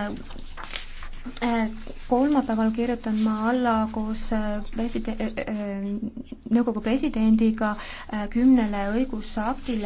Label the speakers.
Speaker 1: Äh, äh, kolmapäeval kirjutan ma alla koos äh, preside-, nõukogu presidendiga kümnele õigusaktile,